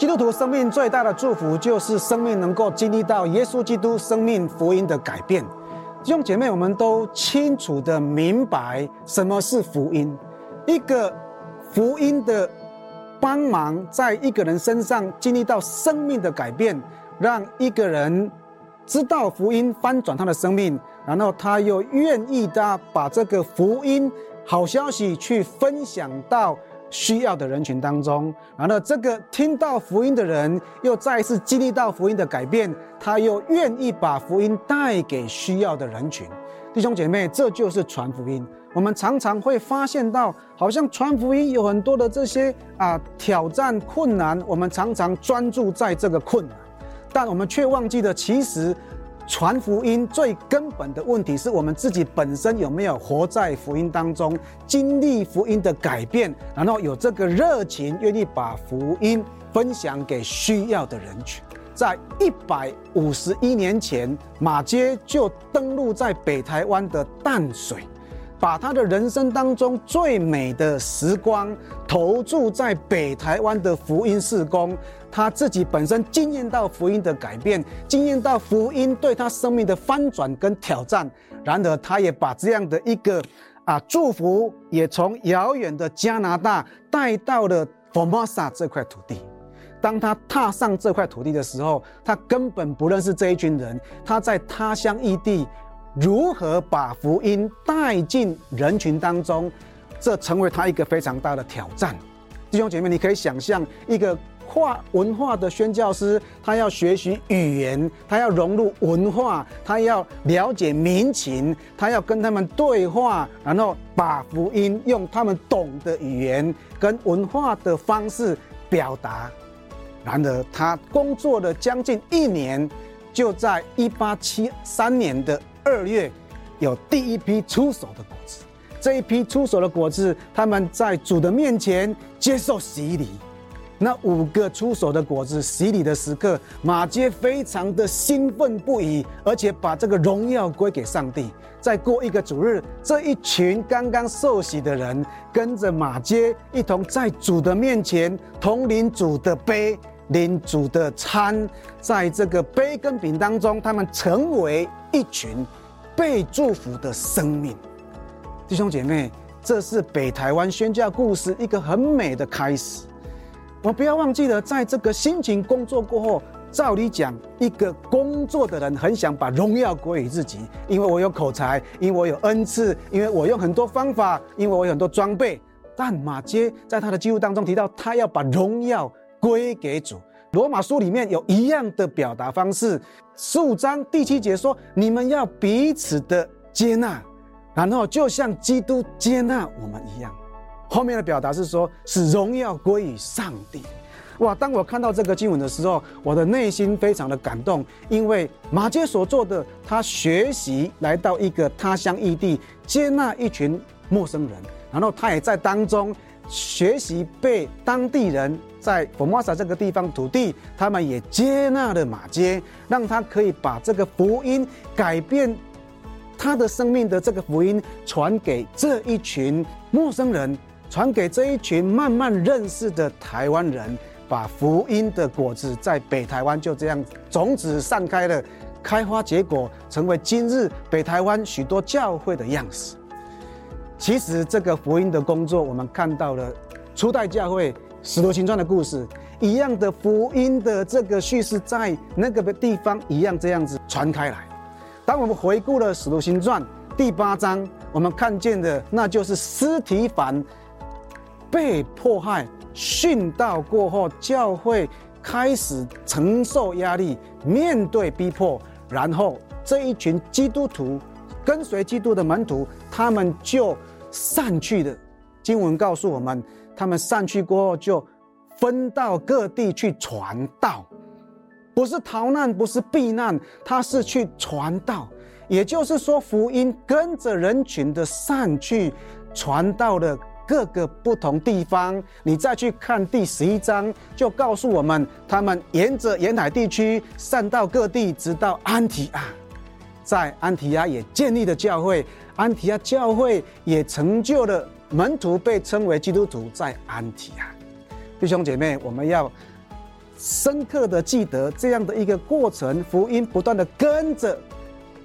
基督徒生命最大的祝福，就是生命能夠經歷到耶穌基督生命福音的改變。弟兄姐妹，我們都清楚地明白什麼是福音。一個福音的幫忙，在一個人身上經歷到生命的改變，讓一個人知道福音翻轉他的生命，然後他又願意的把，把這個福音好消息去分享到。需要的人群當中，然後這個聽到福音的人又再一次經歷到福音的改變，他又願意把福音帶給需要的人群。弟兄姐妹，這就是傳福音。我們常常會發現到，好像傳福音有很多的這些啊挑戰困難，我們常常專注在這個困難，但我們卻忘記了其實。傳福音最根本的問題是我們自己本身有沒有活在福音當中，經歷福音的改變，然後有這個熱情，願意把福音分享給需要的人群。在一百五十一年前，馬偕就登陸在北台灣的淡水，把他的人生當中最美的時光投注在北台灣的福音事工，他自己本身經驗到福音的改變，經驗到福音對他生命的翻轉跟挑戰。然而，他也把這樣的一個啊祝福，也從遙遠的加拿大帶到了 Formosa 這塊土地。當他踏上這塊土地的時候，他根本不認識這一群人，他在他鄉異地。如何把福音帶進人群當中，這成為他一個非常大的挑戰。弟兄姐妹，你可以想象，一個跨文化的宣教師，他要學習語言，他要融入文化，他要了解民情，他要跟他們對話，然後把福音用他們懂的語言跟文化的方式表達。然而，他工作了將近一年，就在一八七三年的。二月，有第一批初熟的果子。這一批初熟的果子，他們在主的面前接受洗禮。那五個初熟的果子洗禮的時刻，馬偕非常的興奮不已，而且把這個榮耀歸給上帝。再過一個主日，這一群剛剛受洗的人，跟着馬偕一同在主的面前同領主的杯。領主的餐，在這個杯跟餅當中，他們成為一群被祝福的生命。弟兄姐妹，這是北台灣宣教故事一個很美的開始。我不要忘記了，在這個辛勤工作過後，照理講，一個工作的人很想把榮耀歸於自己，因為我有口才，因為我有恩賜，因為我用很多方法，因為我有很多裝備。但馬偕在他的記錄當中提到，他要把榮耀。歸給主。羅馬書裡面有一樣的表達方式，十五章第七節說：“你們要彼此的接納，然後就像基督接納我們一樣。”後面的表達是說：“使榮耀歸於上帝。”哇！當我看到這個經文的時候，我的內心非常的感動，因為馬杰所做的，他學習來到一個他鄉異地，接納一群陌生人，然後他也在當中。學習被當地人在佛 o r 這個地方土地，他們也接納了馬街，讓他可以把這個福音、改變他的生命的這個福音傳給這一群陌生人，傳給這一群慢慢認識的台灣人，把福音的果子在北台灣就這樣種子散開了，開花結果，成為今日北台灣許多教會的樣式。其實這個福音的工作，我們看到了，初代教會《使徒行傳》的故事一樣的福音的這個敘事，在那個地方一樣這樣子傳開來。當我們回顧了《使徒行傳》第八章，我們看見的那就是司提反被迫害殉道過後，教會開始承受壓力，面對逼迫，然後這一群基督徒跟隨基督的門徒，他們就。散去的經文告訴我們，他們散去過後就分到各地去傳道，不是逃難，不是避難，他是去傳道。也就是說，福音跟着人群的散去，傳到了各個不同地方。你再去看第十一章，就告訴我們，他們沿着沿海地區散到各地，直到安提阿，在安提阿也建立了教會。安提阿教會也成就了門徒，被稱為基督徒在安提阿。弟兄姐妹，我們要深刻的記得這樣的一個過程：福音不斷的跟着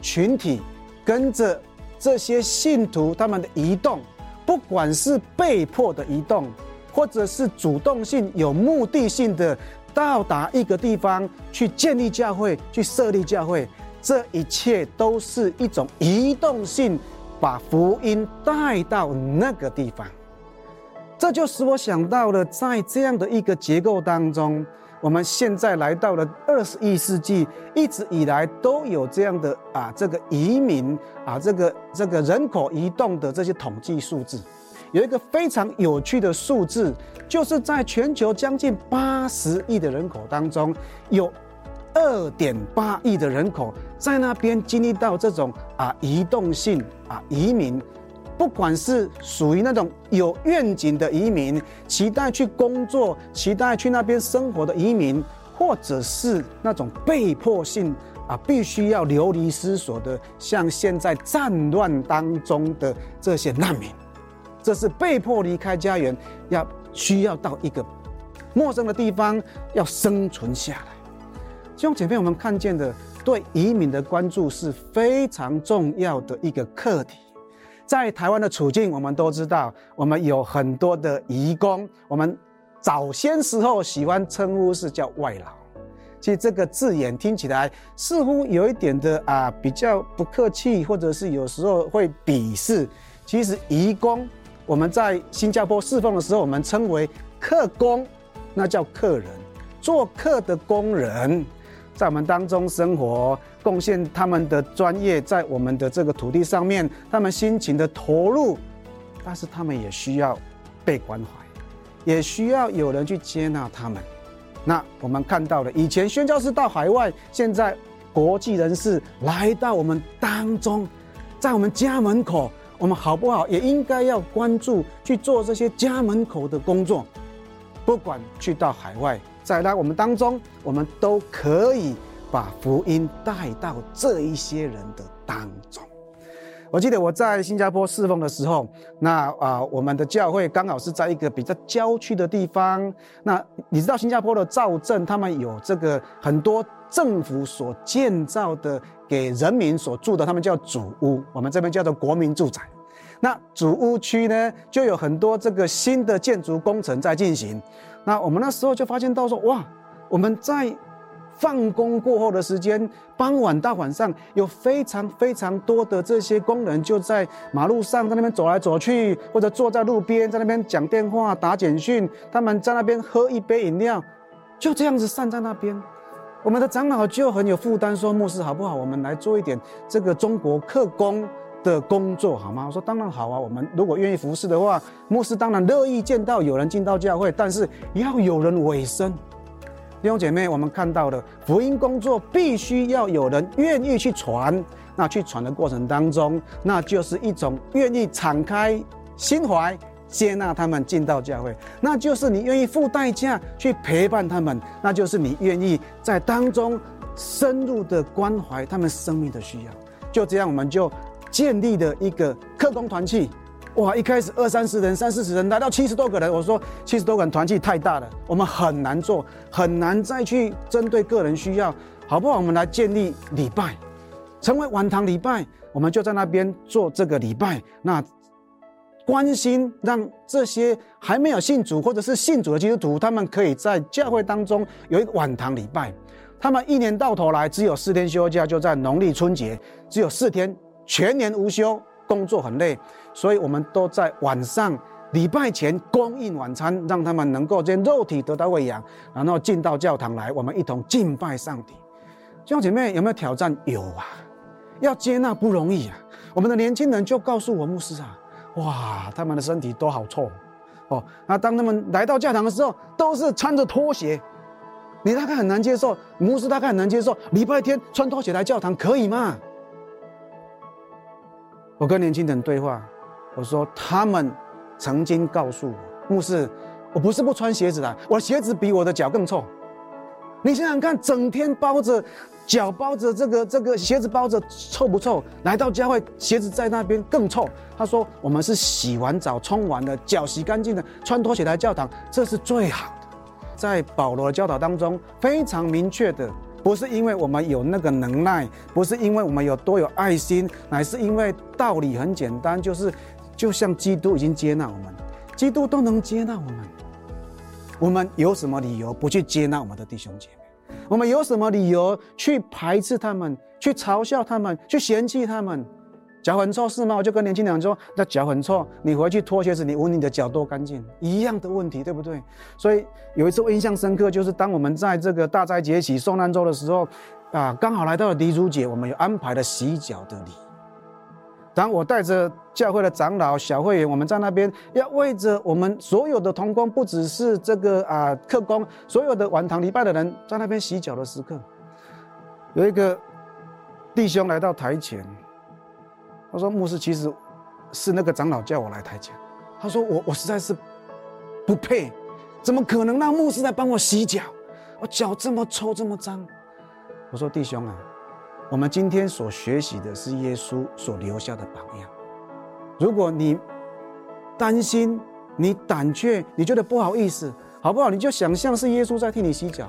群體，跟着這些信徒他們的移動，不管是被迫的移動，或者是主動性有目的性的到達一個地方去建立教會、去設立教會，這一切都是一種移動性。把福音帶到那個地方，這就使我想到了，在這樣的一個結構當中，我們現在來到了二十一世紀，一直以來都有這樣的啊，這個移民啊，這個這個人口移動的這些統計數字，有一個非常有趣的數字，就是在全球將近八十億的人口當中有。二點八億的人口在那邊經歷到這種啊移動性啊移民，不管是屬於那種有願景的移民，期待去工作、期待去那邊生活的移民，或者是那種被迫性啊必須要流離失所的，像現在戰亂當中的這些難民，這是被迫離開家園，要需要到一個陌生的地方要生存下來。從前面我們看見的，對移民的關注是非常重要的一個課題。在台灣的處境，我們都知道，我們有很多的移工。我們早先時候喜歡稱呼是叫外勞，其實這個字眼聽起來似乎有一點的啊，比較不客氣，或者是有時候會鄙視。其實移工，我們在新加坡侍奉的時候，我們稱為客工，那叫客人，做客的工人。在我們當中生活，貢獻他們的專業在我們的這個土地上面，他們辛勤的投入，但是他們也需要被關懷，也需要有人去接納他們。那我們看到了以前宣教士到海外，現在國際人士來到我們當中，在我們家門口，我們好不好？也應該要關注去做這些家門口的工作，不管去到海外。在我們當中，我們都可以把福音帶到這一些人的當中。我記得我在新加坡侍奉的時候，那啊、呃，我們的教會剛好是在一個比較郊區的地方。那你知道新加坡的造鎮，他們有這個很多政府所建造的給人民所住的，他們叫組屋，我們這邊叫做國民住宅。那組屋區呢，就有很多這個新的建築工程在進行。那我們那時候就發現到說，哇，我們在放工過後的時間，傍晚到晚上，有非常非常多的這些工人就在馬路上在那邊走來走去，或者坐在路邊在那邊講電話、打簡訊，他們在那邊喝一杯飲料，就這樣子散在那邊。我們的長老就很有負擔說，說牧師好不好，我們來做一點這個中國客工的工作好嗎？我說當然好啊。我們如果願意服侍的話，牧師當然樂意見到有人進到教會，但是也要有人委身。弟兄姐妹，我們看到的福音工作必須要有人願意去傳。那去傳的過程當中，那就是一種願意敞開心懷接納他們進到教會，那就是你願意付代價去陪伴他們，那就是你願意在當中深入的關懷他們生命的需要。就這樣，我們就。建立的一個客工團契，哇！一開始二三十人、三四十人，來到七十多個人。我說七十多個人團契太大了，我們很難做，很難再去針對個人需要。好不好？我們來建立禮拜，成為晚堂禮拜。我們就在那邊做這個禮拜。那關心讓這些還沒有信主或者是信主的基督徒，他們可以在教會當中有一個晚堂禮拜。他們一年到頭來只有四天休假，就在農曆春節只有四天。全年無休，工作很累，所以我們都在晚上禮拜前供應晚餐，讓他們能夠在肉體得到餵養，然後進到教堂來，我們一同敬拜上帝。弟兄姐妹有沒有挑戰？有啊，要接納不容易啊。我們的年輕人就告訴我牧師啊，哇，他們的身體都好臭哦。那、啊、當他們來到教堂的時候，都是穿着拖鞋，你大概很難接受，牧師大概很難接受，禮拜天穿拖鞋來教堂可以嗎？我跟年輕人對話，我說他們曾經告訴我，牧師，我不是不穿鞋子的，我的鞋子比我的腳更臭。你想想看，整天包着腳包着這個這個鞋子包着臭不臭？來到教會，鞋子在那邊更臭。他說，我們是洗完澡、沖完了，腳洗乾淨的，穿拖鞋來教堂，這是最好的。在保羅的教導當中，非常明確的。不是因為我們有那個能耐，不是因為我們有多有愛心，乃是因為道理很簡單，就是，就像基督已經接納我們，基督都能接納我們，我們有什麼理由不去接納我們的弟兄姐妹？我們有什麼理由去排斥他們、去嘲笑他們、去嫌棄他們？腳很臭是嗎？我就跟年輕人說，那腳很臭，你回去脫鞋子，你聞你的腳多乾淨，一樣的問題，對不對？所以有一次我印象深刻，就是當我們在這個大齋節期、受難週的時候，啊，剛好來到了立主節，我們有安排了洗腳的禮。當我帶着教會的長老、小會員，我們在那邊要為着我們所有的同工，不只是這個啊客工，所有的晚堂禮拜的人，在那邊洗腳的時刻，有一個弟兄來到台前。他說：“牧師，其實，是那個長老叫我來抬腳。他說我我實在是，不配，怎麼可能讓牧師來幫我洗腳？我腳這麼臭，這麼髒。”我說：“弟兄啊，我們今天所學習的是耶穌所留下的榜樣。如果你擔心、你膽怯、你覺得不好意思，好不好？你就想象是耶穌在替你洗腳，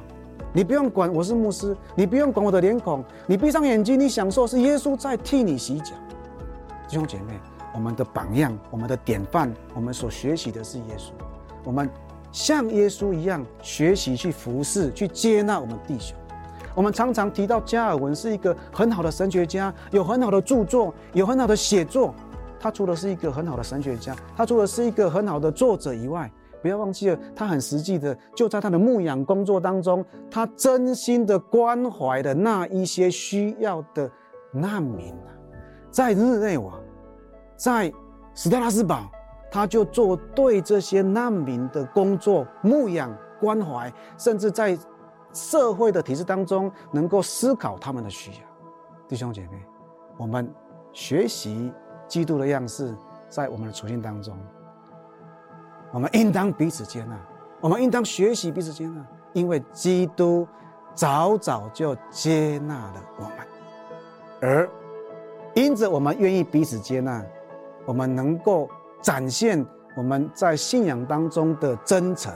你不用管我是牧師，你不用管我的臉孔，你閉上眼睛，你享受是耶穌在替你洗腳。”弟兄姐妹，我們的榜樣，我們的典範，我們所學習的是耶穌。我們像耶穌一樣學習去服侍，去接納我們弟兄。我們常常提到加爾文是一個很好的神學家，有很好的著作，有很好的寫作。他除了是一個很好的神學家，他除了是一個很好的作者以外，不要忘記了，他很實際的，就在他的牧養工作當中，他真心的關懷的那一些需要的難民。在日內瓦，在史特拉斯堡，他就做對這些難民的工作、牧養、關懷，甚至在社會的體制當中，能夠思考他們的需要。弟兄姐妹，我們學習基督的樣式，在我們的處境當中，我們應當彼此接納，我們應當學習彼此接納，因為基督早早就接納了我們，而。因此，我們願意彼此接納，我們能夠展現我們在信仰當中的真誠。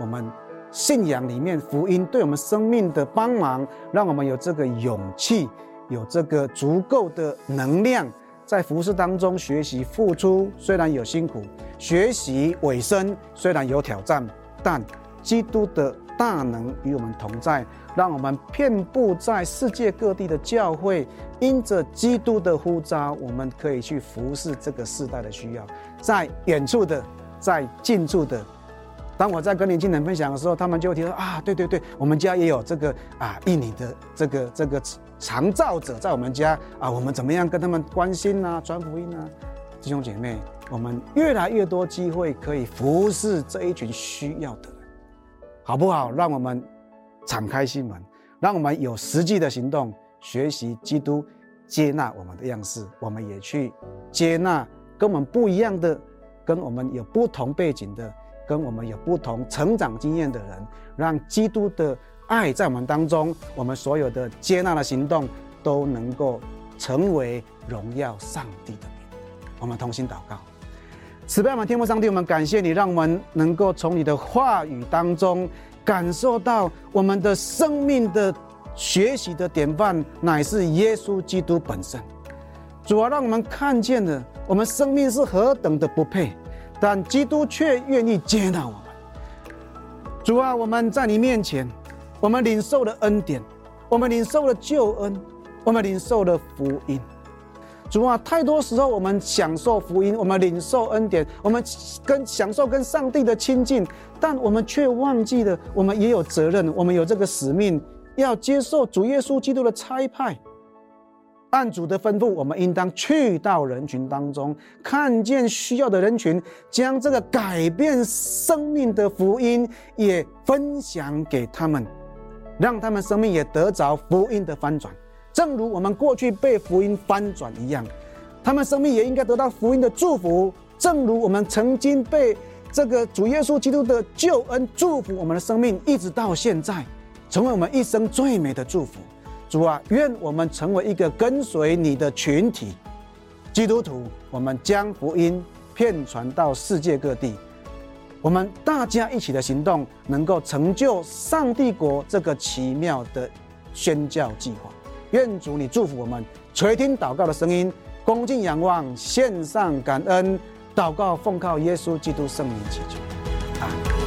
我們信仰裡面福音對我們生命的幫忙，讓我們有這個勇氣，有這個足夠的能量，在服事當中學習付出。雖然有辛苦，學習委身雖然有挑戰，但基督的。大能與我們同在，讓我們遍佈在世界各地的教會，因着基督的呼召，我們可以去服侍這個世代的需要，在遠處的，在近處的。當我在跟年輕人分享的時候，他們就會聽到啊，對對對，我們家也有這個啊，印尼的這個這個長照者在我們家啊，我們怎麼樣跟他們關心啊，傳福音啊，弟兄姐妹，我們越來越多機會可以服侍這一群需要的。好不好？讓我們敞開心門，讓我們有實際的行動學習基督，接納我們的樣式。我們也去接納跟我們不一樣的、跟我們有不同背景的、跟我們有不同成長經驗的人，讓基督的愛在我們當中。我們所有的接納的行動都能夠成為榮耀上帝的名。我們同心禱告。此刻我們，天父上帝，我們感謝你，讓我們能夠從你的話語當中感受到我們的生命的、學習的典範乃是耶穌基督本身。主啊，讓我們看見了，我們生命是何等的不配，但基督卻願意接納我們。主啊，我們在你面前，我們領受了恩典，我們領受了救恩，我們領受了福音。主啊，太多時候我們享受福音，我們領受恩典，我們跟享受跟上帝的親近，但我們卻忘記了，我們也有責任，我們有這個使命，要接受主耶穌基督的差派，按主的吩咐，我們應當去到人群當中，看見需要的人群，將這個改變生命的福音也分享給他們，讓他們生命也得着福音的翻轉。正如我們過去被福音翻轉一樣，他們生命也應該得到福音的祝福。正如我們曾經被這個主耶穌基督的救恩祝福我們的生命，一直到現在，成為我們一生最美的祝福。主啊，願我們成為一個跟隨你的群體，基督徒，我們將福音遍傳到世界各地。我們大家一起的行動，能夠成就上帝國這個奇妙的宣教計劃。願主你祝福我們，垂聽禱告的聲音，恭敬仰望，獻上感恩，禱告奉靠耶穌基督聖名祈求。啊。